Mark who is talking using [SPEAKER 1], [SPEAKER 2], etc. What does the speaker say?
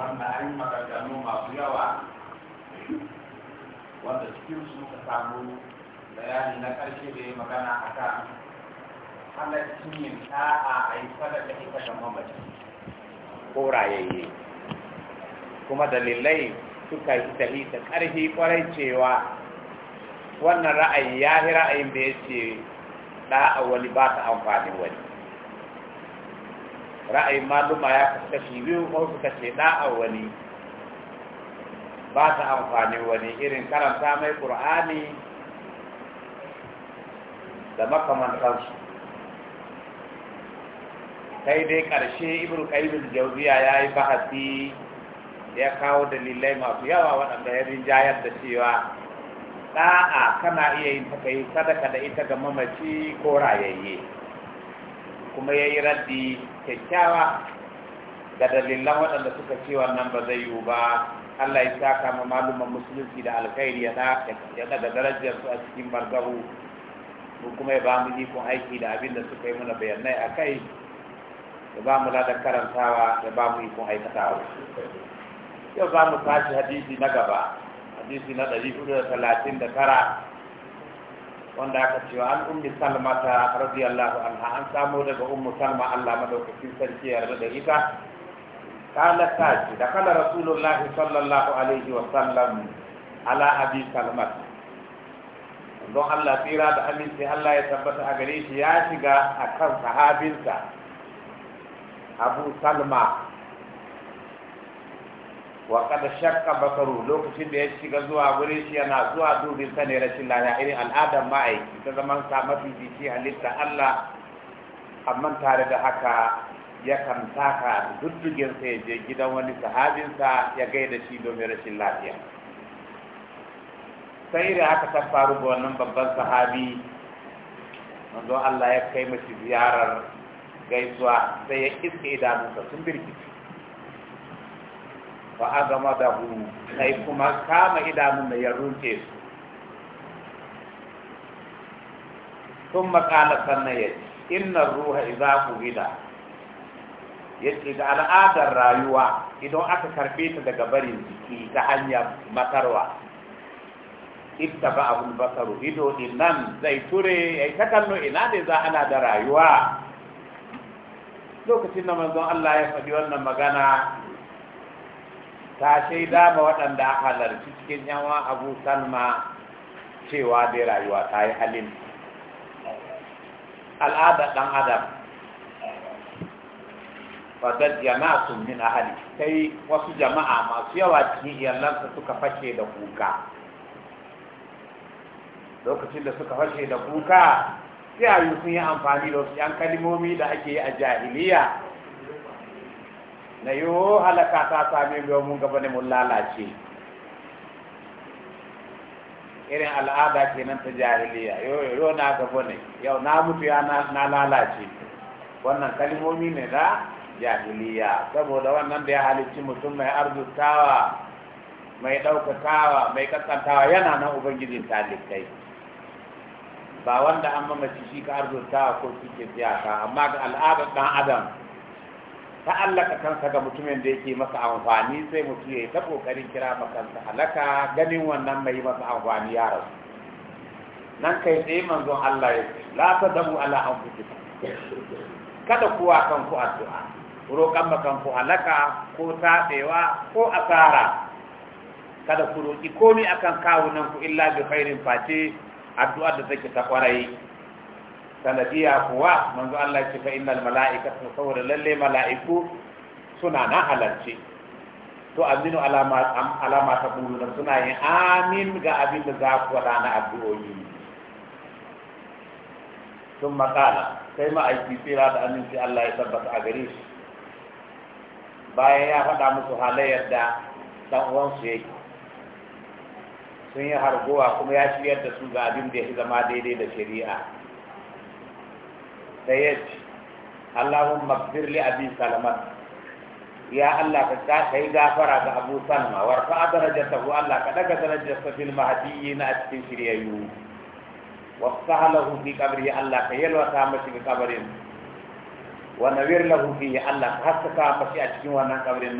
[SPEAKER 1] wanda an yi maganganu masu yawa wanda cikin su muka samu bayani na karshe da ya magana a kan halaccin yin ta'a a yi sadaka ita da mamaci ko rayayye kuma dalilai suka yi ta ta karfi kwarai cewa wannan ra'ayi ya yi ra'ayin da ya ce ɗa'a wani ba ta amfanin wani ra'ayin maluma ya kashi biyu ko suka ce wani ba ta amfani wani irin karanta mai qur'ani da makamantansu kai dai ƙarshe ibn qayyim jawziya yayi bahasi ya kawo dalilai masu yawa waɗanda ya rinjayar da cewa da'a kana iya yin ta sadaka da ita ga mamaci ko rayayye kuma ya yi raddi kyakkyawa ga dalilan waɗanda suka ce wannan ba zai yiwu ba Allah ya saka ma maluman musulunci da alkhairi ya daga darajar su a cikin bargahu ko kuma ya ba mu ikon aiki da abin da suka yi mana bayanai a kai ya ba mu ladar karantawa ya ba mu ikon aikatawa yau za mu tashi hadisi na gaba hadisi na ɗari hudu da talatin da tara wanda aka cewa an ummi salma ta radiyallahu anha an samu daga ummu salma Allah madaukakin sarki ya da ita kala ta ce da kala rasulullahi sallallahu alaihi wa sallam ala abi salma don Allah tsira da aminci Allah ya tabbata a gare shi ya shiga akan sahabinsa Abu Salma wa kada shakka basaru lokacin da ya shiga zuwa gure shi yana zuwa dubin sa ne rashin lafiya irin al'adar ma'aiki ta zaman sa mafi jiki halitta Allah amma tare da haka ya kan taka dudduginsa sa ya je gidan wani sahabinsa ya gaida shi domin rashin lafiya sai da haka ta faru ga wannan babban sahabi manzo Allah ya kai mashi ziyarar gaisuwa sai ya iske idanunsa sun birkice fa azama da hu sai kuma kama idanun da ya runce su sun makala sannan ya ce inna ruha idza qubida yace da al'adar rayuwa idan aka karbe ta daga barin jiki ta hanyar matarwa Ita ittaba abul basaru ido din nan zai ture yayi ta kallo ina ne za ana da rayuwa lokacin da manzon Allah ya faɗi wannan magana ta shaida ma waɗanda aka halarci cikin yawa abu salma cewa dai rayuwa ta yi halin al'ada ɗan adam fadar jama'a sun min ahali sai wasu jama'a masu yawa cikin iyalansa suka fashe da kuka lokacin da suka fashe da kuka sai a yi sun yi amfani da wasu yan kalimomi da ake yi a jahiliya na wo halaka ta sami gaba ne mun lalace irin al'ada kenan ta jahiliya yau na gaba ne yau na mutu ya na lalace wannan kalmomi ne na jahiliya saboda wannan da ya halicci mutum mai arzutawa mai ɗaukakawa mai kaskantawa yana nan ubangijin talikai ba wanda an mamaci shi ka arzutawa ko cikin siyasa amma ga al'adar ɗan adam ta allaka kansa ga mutumin da yake masa amfani sai mutum ya ta kokarin kira makansa halaka ganin wannan mai masa amfani ya rasu nan kai tsaye manzon Allah ya ce la ta damu ala anfusikum kada kuwa ku addu'a roƙan ku halaka ko tabewa ko asara kada ku roƙi komai akan kawunan ku illa bi khairin face addu'a da take ta kwarai sanadiya kuwa manzo Allah ce fa innal mala'ikata saboda lalle mala'iku suna na halarci to aminu alama alama ta da suna yin amin ga abin da za ku na addu'o'i sun makala sai ma'aiki tsira da aminci Allah ya tabbata a gare shi bayan ya faɗa musu halayyar da ɗan uwansu yake sun yi hargowa kuma ya shiryar da su ga abin da ya zama daidai da shari'a yace Allahumma ighfir li abi salama ya Allah ka kai gafara ga Abu Salma warfa darajatahu Allah ka daga darajarsa fil mahdiyyin a cikin shiryayyu وافتح ka في قبره الله يلوى تامش في قبره ونوير ka فيه الله حسكا a cikin wannan قبر